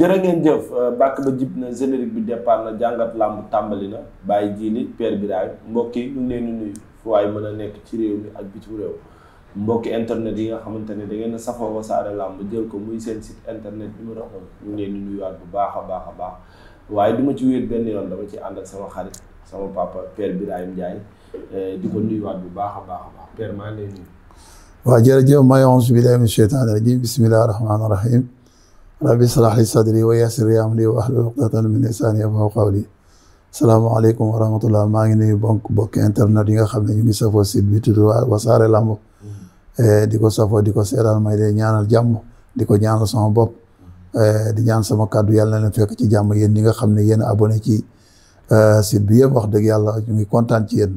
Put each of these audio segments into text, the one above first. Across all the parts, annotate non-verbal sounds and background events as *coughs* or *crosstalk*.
jërë ngeen jëf euh, bàkk ba jib na générique bi départ na jàngat làmb tàmbali na bàyyi jiili Père Birahim mbokk yi ñu ngi leen di nuyu fu waaye mën a nekk ci réew mi ak bitim réew mbokki internet yi nga xamante ne da ngeen a safoo Wassare Làmb jël ko muy seen site internet numéro un ñu ngi leen di nuyuwaat bu baax a baax a baax waaye du ma ci wéet benn yoon dama ci ànd ak sama xarit sama papa Père Birahim Ndiaye euh, di ko nuyuwaat bu baax a baax a baax Père maa waa jërëjëf maa ngi a'uuzu billaahi mina sheytaani rajiim bismillaahi rahmaani rabbi israh li sadri wa yassir li amri wahlul uqdatan min lisani yafqahu maa ngi nuyu bokk bokk internet yi nga xam ne ñu ngi safoo site bi tudd Wassare Lamb mm. eh, di ko safoo di ko seetaan may de ñaanal jàmm di ko ñaanal sama bopp mm. eh, di ñaan sama kaddu yàlla na leen fekk ci jàmm yéen ñi nga xam ne yéen abonné ci eh, site bi yëpp wax dëgg yàlla ñu ngi kontaan ci yéen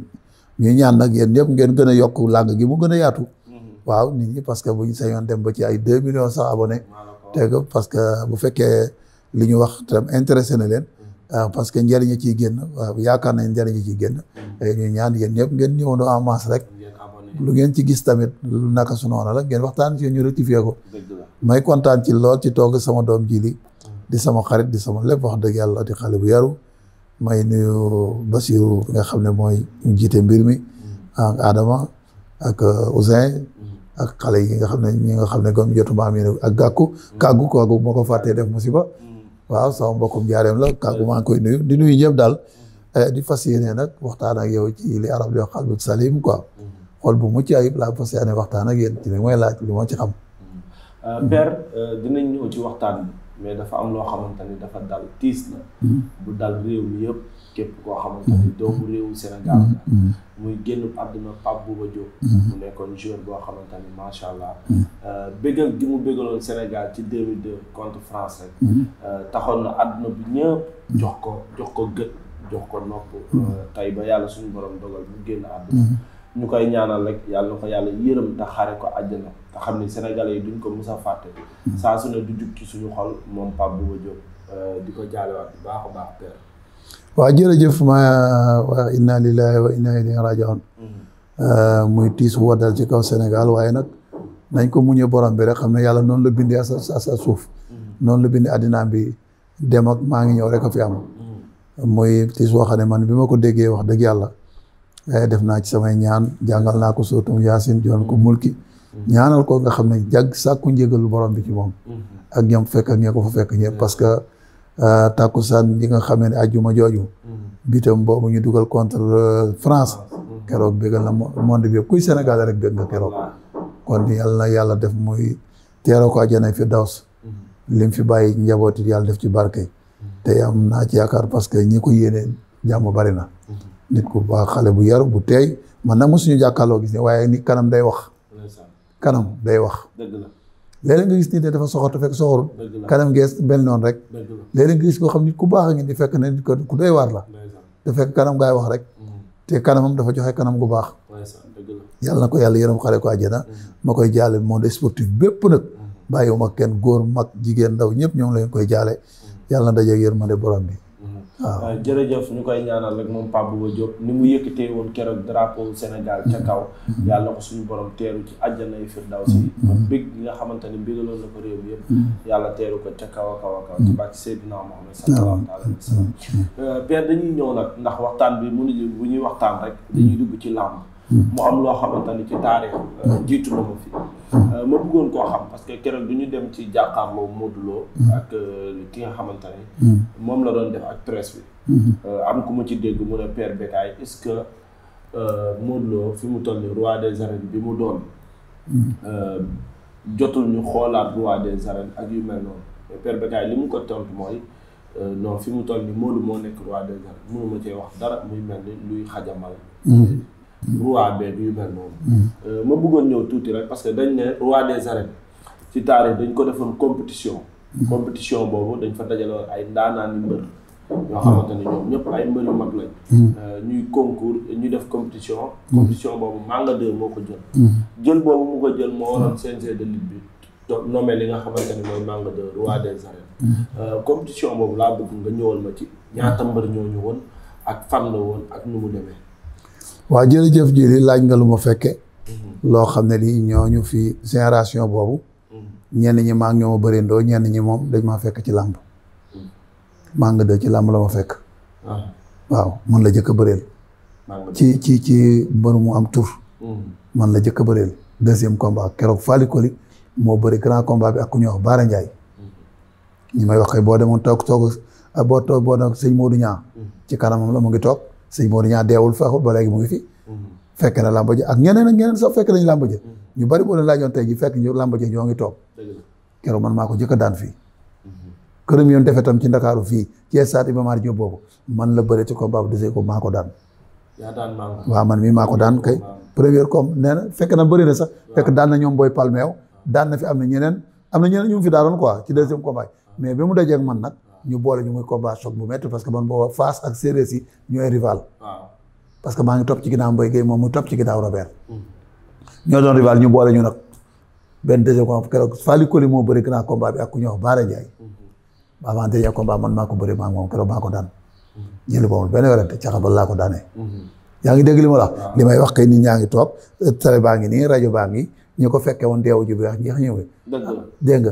ñu ñaan nag yéen ñëpp ngeen gën a yokk làng gi mu gën a yaatu mm-hmm. waaw nit ñi parce que bu ñu sañoon dem ba ci ay deux millions sax dégg nga parce que bu fekkee li ñu wax tam intéressé na leen mm. parce que njëriñ ci génn waaw yaakaar nañ njëriñ ciy génn mm. eh, ñu ñaan yéen ñëpp ngeen ñëwandoo en masse rek lu ngeen ci gis tamit lu naka su noona la ngeen waxtaan ci ñu rectifier ko may kontaan ci lool ci toog sama doom ji li mm. di sama xarit di sama lépp wax dëgg yàlla di xale bu yaru may nuyu Basiru nga xam ne mooy jiite mbir mi ak Adama ak euh, Ousin ak xale yi nga xam ne ñi nga xam ne comme jotu am yi ak gàkku kàggu kàggu moo ko fàttee def musiba mm. waaw soo mbokkum jaareem la kàggu maa ngi koy nuyu di nuyu ñëpp daal eh, di fas yéene nag waxtaan ak yow ci li arab di wax xalbu salim quoi mm. xol bu mucc ayib laa fas yéene waxtaan ak yéen ci mooy laaj li moo ci xam mm. euh, père euh, dinañ ñëw ci waxtaan bi mais dafa am loo xamante ni dafa dal tiis na bu dal réew mi yëpp képp koo xamante ni mm-hmm. doomu réewu Sénégal mm-hmm. Mm-hmm. muy génn àdduna Pape Bouba Diop mu nekkoon joueur boo xamante ni macha allah euh, bégal gi mu bégaloon Sénégal ci 2002 contre France rek euh, taxoon na àdduna bi ñëpp jox ko jox ko gët jox ko nopp euh, tey ba yàlla suñu borom dogal mu génn àdduna ñu koy ñaanal rek yàlla ko yàlla yërëm te xare ko àjjana te xam ne sénégalais yi duñ ko musa a fàtte saa su ne du jug ci suñu xol moom Pape Bouba Diop di ko jaalewaat bu baax a waaw jërëjëf ma waa inna lillahi wa inna ilayhi mm-hmm. uh, muy tiis woo dal ci kaw Sénégal waaye nag nañ ko muñe borom bi rek xam ne yàlla noonu la bindee asa sa suuf mm-hmm. noonu la bind addinaam bi dem ak maa ngi ñëw rek a fi am mm-hmm. muy tiis woo xam ne man bi ma ko déggee wax dëgg yàlla eh, def naa ci samay ñaan jàngal naa ko sootum yaasin joon ko mulki ñaanal ko nga xam ne jàgg sàkku njégalu borom bi ci moom ak ñoom fekk ak ko fa fekk ñëpp parce Euh, takkusaan yi nga xam ne ajjuma jooju mm-hmm. bitam boobu ñu dugal contre euh, France mm-hmm. keroog bégal na monde bi kuy Sénégal rek bég nga keroog kon yàlla na yàlla def muy teeroo ko àjjana fi daws mm-hmm. lim fi bàyyi njabooti yàlla def ci barke te am naa ci yaakaar parce que ñi ko yéene jàmm bari na nit ku baax xale bu yaru bu teey man na mosuñu jàkkaarloo gis ne waaye ni kanam day wax kanam day wax léeg nga gis nii de dafa soxortu fekk soxorul kanam gees benn noon rek léeg-léeg nga gis koo xam nit ku baax a ngi di fekk ne ku doy waar la te fekk kanam gaay wax rek mm. te kanamam dafa joxe kanam gu baax yàlla na ko yàlla yërëm xare ko na mm. ma koy jaale de sportif bépp nag mm. bàyyiwuma kenn góor mag jigéen ndaw ñëpp ñoom lañ koy jaale yàlla na dajeeg yërmande borom bi waaw euh, jërëjëf ñu koy ñaanal rek moom Pape Bouba Diop ni mu yëkkatee woon keroog drapeau Sénégal ca kaw. Mm-hmm. yàlla ko suñu borom teeru ci àjjana yi firdawsi. moom mm-hmm. bég bi nga xamante ni bégaloon na ko réew mi yëpp. Mm-hmm. yàlla teeru ko ca kaw a kaw a kaw. ci bàcc Seydina Mohamed sallallahu alayhi wa sallam. Euh, Père dañuy ñëw nag ndax waxtaan bi mënuñu bu ñuy waxtaan rek dañuy dugg ci làmb. mu am loo xamante ni ci taarix euh, mm. jiitu na ma fi mm. euh, ma bëggoon koo xam parce que keroog bi ñu dem ci jàkkaarloo Modou Lo mm. ak euh, ki nga xamante ne moom la doon def ak presse bi mm-hmm. am ku ma ci dégg mu ne Père Bécaye est-ce que Modou fi mu toll nii roi des arènes bi mu doon jotul ñu xoolaat roi des arènes ak yu mel noonu Père li mu ko tontu mooy non fi mu toll ni Modou moo nekk roi des arènes mënuma cee wax dara muy mel ni luy xajamal mm-hmm. roi beeg yu mel noonu. Hmm. Euh, ma bëggoon ñëw tuuti rek parce que dañ ne roi des arènes ci taarix dañ ko defoon compétition. Hmm. compétition boobu dañ fa dajaloon ay ndaanaan ñoo hmm. xamante ne ñoom ñëpp ay mbër yu lañ. Euh, ñuy concours ñu def compétition. compétition boobu Manga 2 moo ko jël. jël boobu mu ko jël moo waroon CNG de lutte bi. donc nommé li nga xamante ne mooy Manga 2 roi des arènes. Euh, compétition boobu laa bëgg nga ñëwal ma ci ñaata mbër ñoo ñu woon ak fan la woon ak nu mu demee. waaw jërëjëf ji li laaj nga lu ma fekke loo xam ne lii ñooñu fi génération boobu ñenn ñi maa ngi ñoo ma bërindoo ñenn ñi moom dañ maa fekk ci làmb maa nga dëgg ci làmb la ma fekk ah. waaw mën la jëkk a bëreel ci ci ci mbër mu am tur hmm. man la jëkk a bëreel deuxième combat keroog Fally moo bëri grand combat bi ak ku ñuy wax Baara Ndiaye ñi may wax kay boo demoon toog toog boo toog boo doon sëñ Modou Niang hmm. ci kanamam la mu ngi toog sëñ Modou ñaa deewul feexul ba léegi mu ngi fi fekk na làmb ji ak ñeneen ak ñeneen sax fekk nañ làmb ñu bari boo leen laajoon ñoo ngi toog ko jëkk a daan fii mhm. këram yoon defe tam ci Ndakaaru fii ci stade Iba Mar Diop man la bëre ci combat bu desee ko maa ko daan waaw man mii maa ko daan kay première comme nee na fekk na bëri na sax fekk daan na na fi am na ñeneen am na ñeneen ñu fi daanoon quoi ci deuxième combat mais bi mu dajee man nag ñu boole ñu muy combat choc bu métti parce que man booba Fass ak séeréer si ñooy rival. parce que maa ngi topp ci ginnaaw Mbaye Guèye moom mu topp ci ginnaaw Robert. Mm. ñoo ñu boole ñu nag benn deuxième combat keroog Fally Coly moo bëri grand combat bi ak ku ñëw Baara Ndiaye. Mm-hmm. avant dernier combat maa ko bëri maa moom keroog maa ko daan. Mm-hmm. jël boobu benn werante caxabal laa ko daanee. Mm-hmm. yaa ngi dégg li ma la li may wax kay nit ñaa ngi toog télé baa ngi nii rajo baa ngi ñu ko fekkee woon deewu ji bi wax jeex ñëwee. dëgg la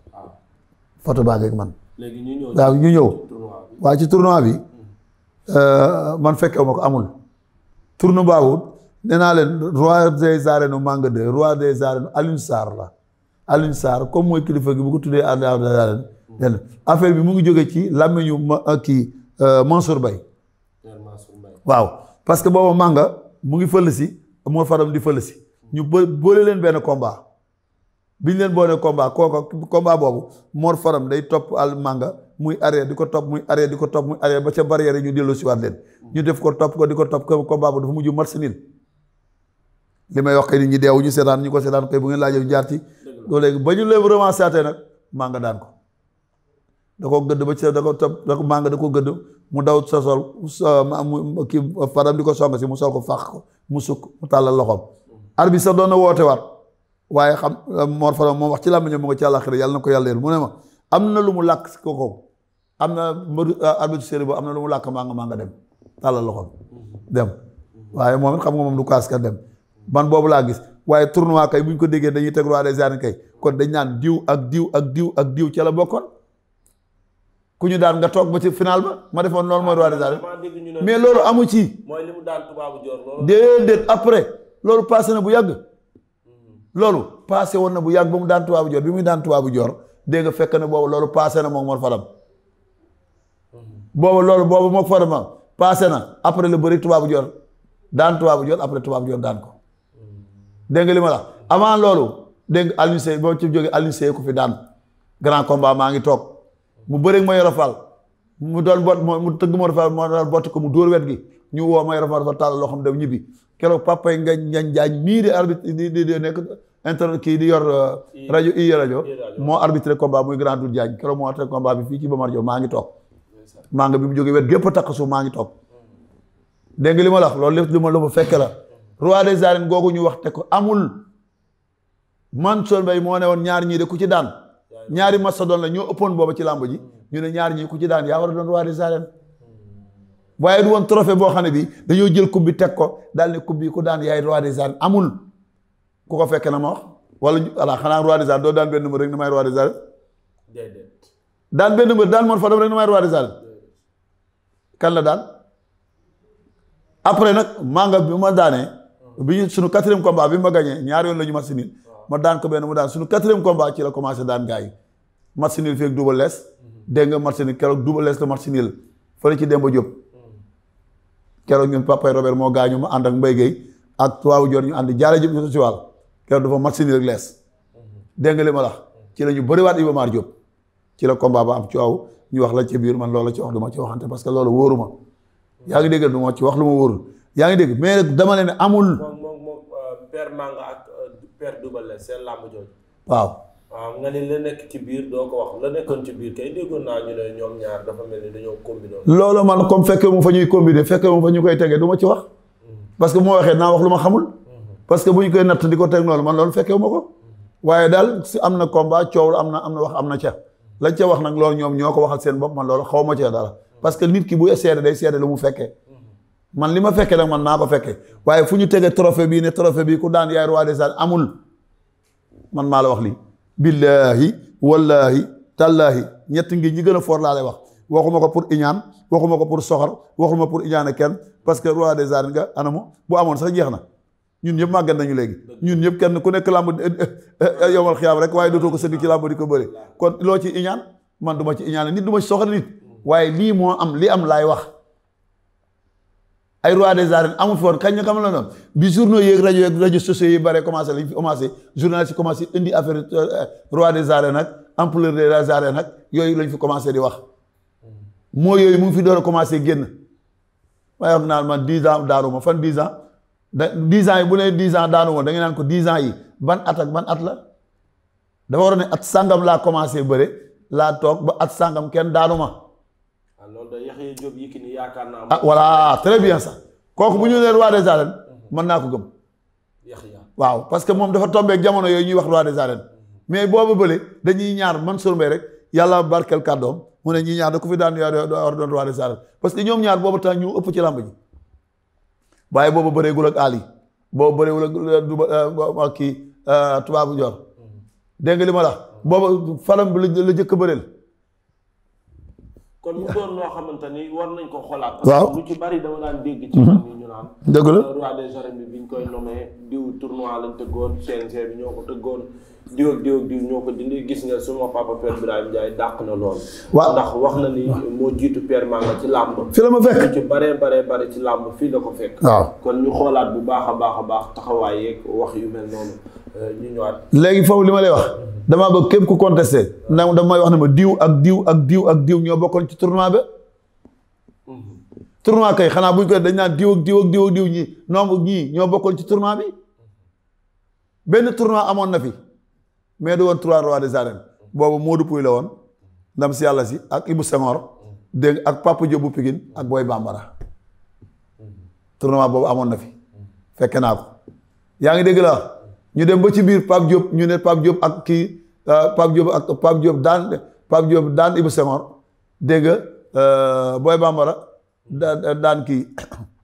photo baa ngeeg man. léegi ñu ñëw waaw ñu ñëw. waaye ci tournoi bi. Hmm. Euh, man fekkewu ma ko amul. tournoi boobu nee naa leen roi des arènes Manga 2 roi des arènes Alioune Sarr la Alioune Sarr comme mooy kilifa gi bu ko tuddee roi des arènes. dégg hmm. affaire bi mu ngi jóge ci làmmiñu ma euh, kii euh, Mansour Mbaye. waaw parce que booba Manga mu ngi fël si moo faram di fël si. ñu bë boole leen benn combat. biñ leen boone combat kooku combat boobu Mor Faram day topp al manga muy arrière di ko topp muy arrière di ko topp muy arrière ba ca barrière yi ñu dellu si waat leen ñu def ko topp ko di ko topp ko combat bu dafa mujj match nil li may wax kay nit ñi deewu ñu seetaan ñu ko seetaan koy bu ngeen laajee jaar ci loolu ba ñu leen remencé aatee nag manga daan ko da ko gëdd ba ci da ko topp da ko manga da ko gëdd mu daw sa sol mu kii faram di ko song si mu sol ko fàq ko mu sukk mu tàllal woote waat waaye xam euh, Mor Faram moom wax ci làmmiñam mu nga ci àllaaxira yàlla na ko yàlla leer mu ne ma am na lu mu làkk si ko am na mbiru euh, arbitre séeréer boobu am na lu mu làkk maa nga maa nga dem tàllal loxoom dem waaye moom xam nga moom du kaas ka dem man boobu laa gis waaye tournoi kay bu ñu ko déggee dañuy teg roi des arènes kay kon dañ naan diw ak diw ak diw ak diw ca la bokkoon ku ñu daan nga toog ba ci final ba ma defoon loolu mooy roi des arènes mais loolu amu ci. mooy li mu daan tubaabu joor loolu. loolu passé na bu yàgg. loolu passé woon na bu yàgg ba mu daan tubaabu jor bi muy daan tubaabu jor dégg nga fekk na boobu loolu passé na moom moo faram boobu loolu boobu moo farama passé na après le bëri tubaabu jor daan tubaabu jor après tubaabu jor daan ko dégg li ma la avant loolu dégg nga Alioune boo ci jógee Alioune ko fi daan grand combat maa ngi toog mu bëri ma yorofal mu doon bot mu tëgg ma yorofal moo doon bott ko mu dóor wet gi ñu woo may rafet rafet taal loo xam dem ñibbi keroog papa yi nga ngañ jaañ mii arbitre di di di nekk internet kii di yor euh, rajo i rajo moo arbitré combat muy grand dul jaañ keroog moo arbitré combat bi fii ci Bamar Diop maa ngi toog maa nga bi mu jógee a takk suuf maa ngi toog dégg nga li ma la wax loolu lépp li ma la ma fekk la roi des arènes googu ñu wax te ko amul Mansour Mbaye moo ne woon ñaar ñii de ku ci daan ñaari massa doon la ñoo ëppoon booba ci làmb ji mm. ñu ne ñaar ñii ku ci daan yaa war a waaye du woon trophée boo xam ne bi dañoo jël coupe bi teg ko daal ne coupe ku daan yaay roi des arènes amul ku ko fekke na ma wax wala voilà xanaa roi des arènes doo daan benn mbër rek na may roi des arènes daan benn mbër daan moon fa dam rek na may roi des arènes kan la daan après nag maa nga bi ma daanee bi ñu suñu quatrième combat bi ma gañee ñaari yoon la ñu match nul ma daan ko benn mu daan suñu quatrième combat ci la commencé daan gars yi match nul feeg Double Less mm-hmm. dégg nga match nul keroog Double Less la match nul fële ci Demba Diop keroog ñun papa Robert moo gaañu ma ànd ak Mbaye Gueye ak tuwaawu jor ñu ànd jaale jëm ñu si wàll keroog dafa mat si nii lees dégg nga ma la ci la ñu bëriwaat Iba Mar Diop ci la combat ba am coow ñu wax la ci biir man loolu ci wax du ma ci waxante parce que loolu wóoru ma yaa ngi dégg du ma ci wax lu ma wóorul yaa ngi dégg mais dama leen amul. moom moom moom euh, Père Manga ak euh, Père Doubalé seen waaw. waaw nga ne la nekk ci biir doo ko wax la nekkoon ci biir kay déggoon naa ñu ne ñoom ñaar loolu man comme fekkee mu fa ñu koy tegee du ma ci wax. Mm-hmm. parce que bu ma waxee naa wax lu ma xamul. Mm-hmm. parce que bu ñu koy natt di ko teg noonu man loolu fekkee ma ko. Mm-hmm. waaye daal si am na combat am na am na wax am na ca. lañ ca wax nag loolu ñoom ñoo ko waxal seen bopp man loolu xaw ma ca dara. parce que nit ki bu seede day seede lu mu fekkee. man li ma fekkee nag man maa ko fekkee waaye fu ñu tegee trophée bii ne trophée bii ku daan yaay roi des arènes man maa la wax lii billaahi wallaahi tallaahi ñett ngi ñi gën a for laa lay wax waxuma ko pour iñaan waxuma ko pour soxor waxuma pour iñaane kenn parce que roi des arènes nga anamu bu amoon sax jeex na ñun ñëpp màggat nañu léegi ñun ñëpp kenn ku nekk làmb eh, eh, eh, yomal xiyaam rek waaye dootoo ko sëgg ci làmb di ko bëri kon loo ci iñaan man du ci iñaane nit du ma ci soxor nit waaye lii moo am li am laay wax ay roi des arènes amul fi woon kañ nga xam la noonu bi journaux euh, roi des arènes nag empereur nag yooyu lañ fi commencé di wax moo yooyu mu fi doon a commencé génn waaye wax naa man dix am daanu ma fan dix ans da dix ans yi bu nee dix ans daanu ma da ngeen naan ko dix ans yi ban at ak ban at la dafa waroon ne at sàngam laa commencé bëre laa toog ba at sàngam kenn daanu ma ah, ah voilà très bien sax kooku bu ñu nee roi des arènes mhm. mën naa ko gëm. waaw parce que moom dafa tombeek jamono yooyu ñuy wax roi des arènes mhm. mais boobu bële dañuy ñaar Mansour Mbaye rek yàlla barkeel kàddoom mu ne ñii ñaar da ku fi daan yaa war doon roi des arènes parce que ñoom ñaar boobu temps ñu ëpp ci làmb ji waaye boobu bëreegul ak Ali boobu bëreegul ak euh, Duba euh, kii euh, tubaabu Joor mhm. dégg nga li ma la boobu faram bi la jëkk bëreel kon mu doon loo xamante ni war nañ ko xoolaat. waaw parce ci bari dama daan dégg. ci fan yi ñu naan. Mm-hmm. dëgg la euh, roi des arènes bi biñ koy nommé diw tournoi lañ tëggoon CNG bi ñoo ko tëggoon diw ak diw ñoo ko dindi gis nga suma papa Père Birahim Ndiaye dàq na lool. waaw ndax wax na ni moo jiitu per Père Manga ci làmb. fi la ma fekk ci baree baree bare ci làmb fii la ko fekk. waaw kon ñu xoolaat bu baax a baax a baax taxawaay yeeg wax yu mel noonu. ñu léegi foofu li ma lay wax damaa bëgg képp ku contesté na damay wax ne ma diw ak diw ak diw ak diw ñoo bokkoon ci tournoi ba tournoi kay xanaa buñ ko dañ naan diw ak diw ak diw ak ñi nombre ñii ñoo bokkoon ci tournoi bi benn tournoi amoon na fi mais du woon trois rois des arènes boobu Modou Pouye la woon ndam si yàlla si ak Ibou Senghor dégg ak Papa Diop bu Pikine ak Boy bàmbara tournoi boobu amoon na fi fekke naa ko yaa ngi dégg la ñu dem ba ci biir Pape Diop ñu ne Pape Diop ak kii ah, Pape Diop ak Pape Diop daan Pape Diop daan Ibou Senghor dégg nga euh, Boy Bambara daan daan kii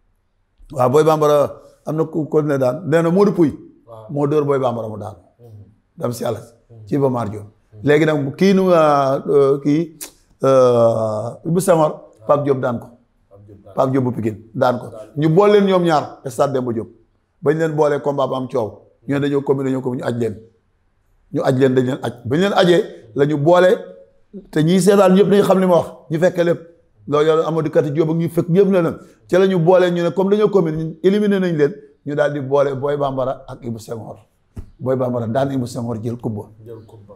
*coughs* waaw Boy Bambara am na ku ko ne daan nee na Modou Pouy moo dóor booy Bambara mu daan mhm. dam si mhm. ci Iba Mar Diop mhm. léegi nag kii nu ah, euh, kii euh, Ibou Senghor Pape Diop daan ko Pape Diop bu Pikine daan ko ñu bool leen ñoom ñaar stade Demba Diop bañ leen boolee combat ba am coow ñu ne dañoo commis dañoo commis leen ñu aj leen dañ leen aj la ñu boole te ñiy seetaan ñëpp dañu xam li ma wax ñu fekkee lépp loolu yàlla Amadou Kati Diop ñu fekk ñëpp ne leen ci la ñu boole ñu comme dañoo commis ñu leen ñu daal di boole Boy Bambara ak Ibou Senghor Boy Bambara daan Ibou Senghor jël kubba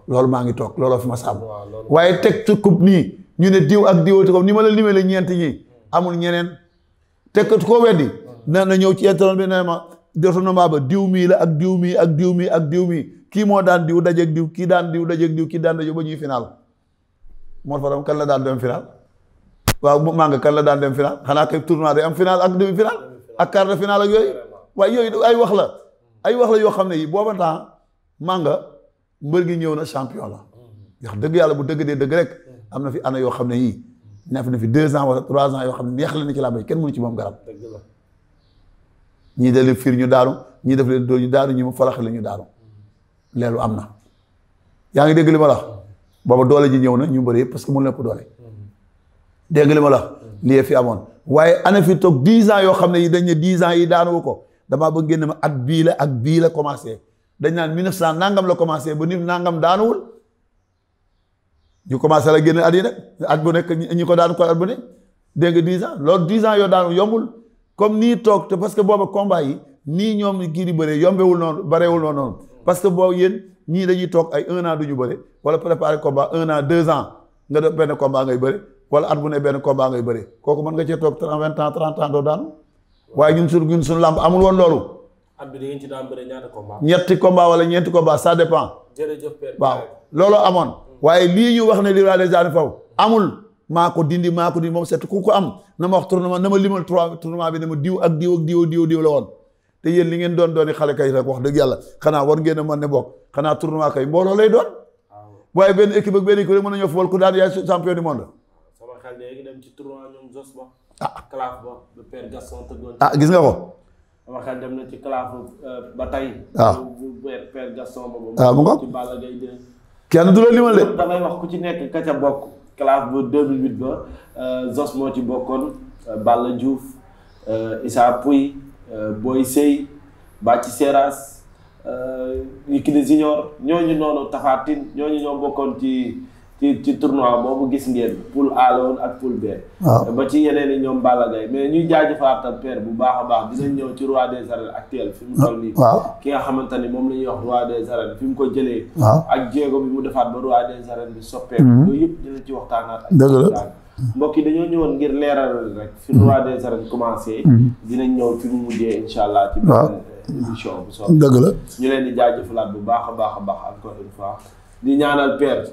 loolu maa ngi toog looloo ma sàmm waaye teg ci kub nii ñu ne diw ak diwati comme ni ma la limee la ñeent ñi amul ñeneen teg ko weddi na na ñëw ci internet bi ne ma détournement ba diw mii la ak diw mii ak diw mii ak diw mii kii moo daan diw dajeeg diw kii daan diw dajeeg diw kii daan dajeeg ba ñuy finaal moo faram kan la daan dem final waaw mu màng kan la daan dem final xanaa kay tournoi day am finaal ak demi final ak quart de final ak yooyu waaye yooyu ay wax la ay wax la yoo xam ne yi booba temps mànga mbër gi ñëw na champion la wax dëgg yàlla bu dëgg dee dëgg rek am na fi année yoo xam ne yii neef na fi deux ans wala trois ans yoo xam ne ñii da leen fiir ñu daanu ñii def leen dóor ñu daanu ñi mu falax la ñu daanu leelu am na yaa ngi dégg li ma la booba doole ji ñëw na ñu bëri yëpp parce que mënu leen ko doole dégg li ma la lii fi amoon waaye ana fi toog dix ans yoo xam ne yi dañ ne dix ans yi daanu ko damaa bëgg génn ma at bii la ak bii la commencé dañ naan mille neuf nangam la commencé ba ni nangam daanuwul ñu commencé la génn at yi nag at bu nekk ñi ko daanu ko at bu nekk dégg nga dix ans yoo daanu yombul comme nii toog te parce que booba combat yi nii ñoom kii di bëree yombewul noonu bareewul noonu noonu parce que boobu yéen ñii dañuy toog ay un an du ñu bëre wala préparer combat un an deux ans nga def benn combat ngay bëre wala at bu ne benn combat ngay bëre kooku mën nga cee toog trente vingt ans trente ans doo daanu waaye ñun suñu ñun suñu làmb amul woon loolu. at bi da ngeen ci daan bëre ñaata combat. ñetti combat wala ñeenti combat ça dépend. waaw looloo amoon. Mm. waaye lii ñu wax ne li raadu des années foofu amul. maa ko dindi maa ko dindi moom seet ku ko am na ma wax tournoi na ma limal trois bi ne ma diw ak diw ak diw diw diw la woon te yéen li ngeen doon dooni xale kay rek wax dëgg yàlla xanaa war ngeen a mën ne bokk xanaa tournoi kay mbooloo lay doon ah, waaye benn équipe ak benn équipe rek mën nañoo football ku daan yaay champion du monde ba ah claf ba le père Gaston tëggoon ah gis nga ko sama xel dem na ci claf euh, ba ah. ah, la limal de damay ku ci nekk ka ca bokk classe ba 2008 ba euh, Zos moo ci bokkoon euh, Balla Diouf euh, Issa Pouye Boy Sey Bathie Seras Yékini Junior ñooñu noonu Tapha Tine ñooñu ñoo bokkoon ci ci ci tournoi boobu gis ngeen poule A la woon ak poule B. ba ci yeneen ñoom Balla mais ñuy jaajëfaatal père bu baax a baax dinañ ñëw ci roi des arènes actuel fi mu toll nii. waaw ki nga xamante moom la ñuy wax roi des arènes fi mu ko jëlee. waaw ak jéego bi mu defaat ba roi des bi soppeeku. Mhm. yooyu yëpp dina ci waxtaanaat. dëgg la mbokk ñëwoon ngir leeral rek. fi mhm. roi des arènes commencé. Mhm. dinañ ñëw fi mu mujjee incha allah. ci benn euh, bu soobee. dëgg la ñu leen di jaajëfalaat bu baax a baax a baax encore di ñaanal père.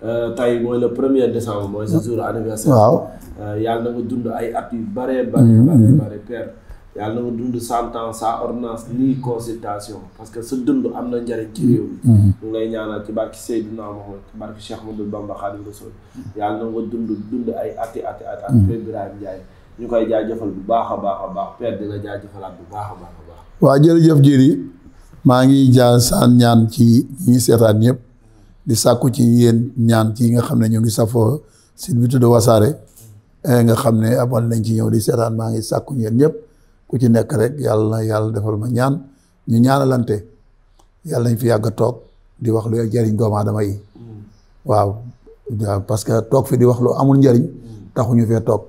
Euh, tey mooy le premier décembre mooy sa jour anniversaire. waaw euh, yàlla na nga dund ay at yu bare bare mm-hmm. bare bare père yàlla na nga dund cent ans sans ordonnance ni consultation parce que sa dund am na njariñ ci réew mm-hmm. Mm-hmm. ci barki Seydina Mohamed ci barki Cheikh Ahmadou Bamba Khadim Rasoul yàlla na nga dund dund ay ati ati ati at ñu koy jaajëfal bu baax a baax a baax per père dina jëfalaat bu baax a baax a baax. waaw jërëjëf Diéry maa ngi jaar saan ñaan ci ñi seetaan ñëpp. di sàkku ci yéen ñaan ci nga xam ne ñu ngi safoo site bi tudd wasaare eh, nga xam ne abon nañ ci ñëw di seetaan maa ngi sàkku yéen ñëpp ku ci nekk rek yàlla na yàlla defal ma ñaan ñu ñaanalante yàlla nañ fi yàgg a toog di wax lu jariñ doomu aadama yi waaw parce que toog fi di wax lu amul njariñ taxuñu fee toog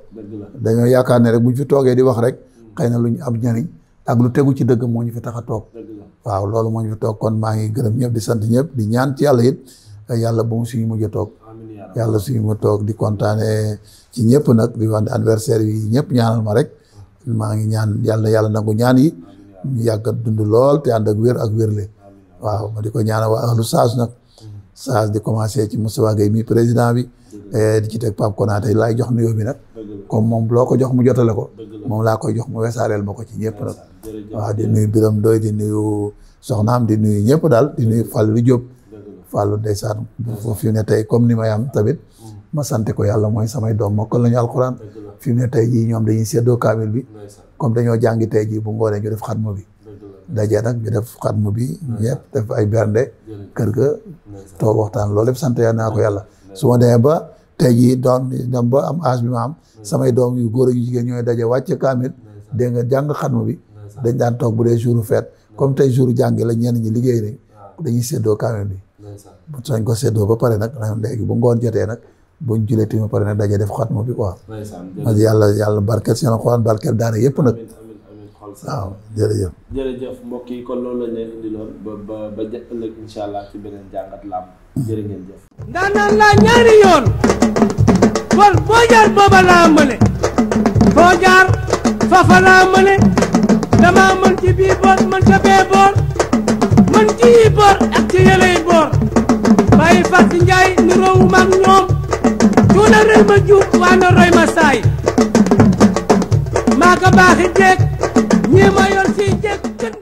dañoo yaakaar ne rek buñ fi toogee di wax rek xëy na lu ñu ab njariñ ak lu tegu ci dëgg moo ñu fi tax a toog waaw loolu moo ñu fi toog kon maa ngi gërëm ñëpp di sant ñëpp di ñaan ci yàlla it te yàlla bu mu suñu mujj toog yàlla suñu mu toog di kontaane ci ñëpp nag bi wax ne anniversaire yi ñëpp ñaanal ma rek maa ngi ñaan yàlla yàlla nangu ñaan yi ñu yàggat dund lool te ànd ak wér ak wérle waaw ma di ko ñaanal waa ahlu saas nag mm-hmm. saas di commencé ci Moustapha Gueye mi président bi eh, di ci teg Pape Konaté laay jox nuyoo bi nag comme moom loo ko jox mu jotale ko moom laa koy jox mu wesaareel ma ko ci ñëpp nag waaw di nuyu Biram Doy di nuyu soxnaam di Fallou ndeysaan foofu yu ne tey comme ni may am tamit mm. ma sante ko yàlla mooy samay doom mokkal nañu alxuraan fi ne tey jii ñoom dañuy seddoo kaamil bi comme dañoo jàngi tey jii bu ngoonee ñu def xatmu bi dajee nag ñu def xatmu bi ñëpp def ay bernde kër ga toog waxtaan loolu sant yaa naa ko yàlla su ma demee ba tey jii doon ba am âge bi am samay doom yu góor yu jigéen ñooy daje wàcce kaamil dégg nga jàng xatmu bi dañ daan toog bu dee jour fête comme tey jour jàngi la ñenn ñi liggéey nañ dañuy seddoo kaamil bi bu sañ ko seddoo ba pare nag léegi bu ngoon jotee nag buñ julee timi ba pare nag daje def xatma bi quoi. ma yàlla yàlla barkeel seen xoraan barkeel daara yëpp nag. laa hmm. ñaari yoon kon boo jaar booba laa mëne boo jaar fafa laa mëne damaa mën ci bii boor mën ca bee boor. kon ci yi boor ci yëley boor bàyyi fàtt njaay ni roowu mag ñoom cuuna rëy ma juut waa na roy ma saay maa ko baaxi jeeg ñii ma yor si jeeg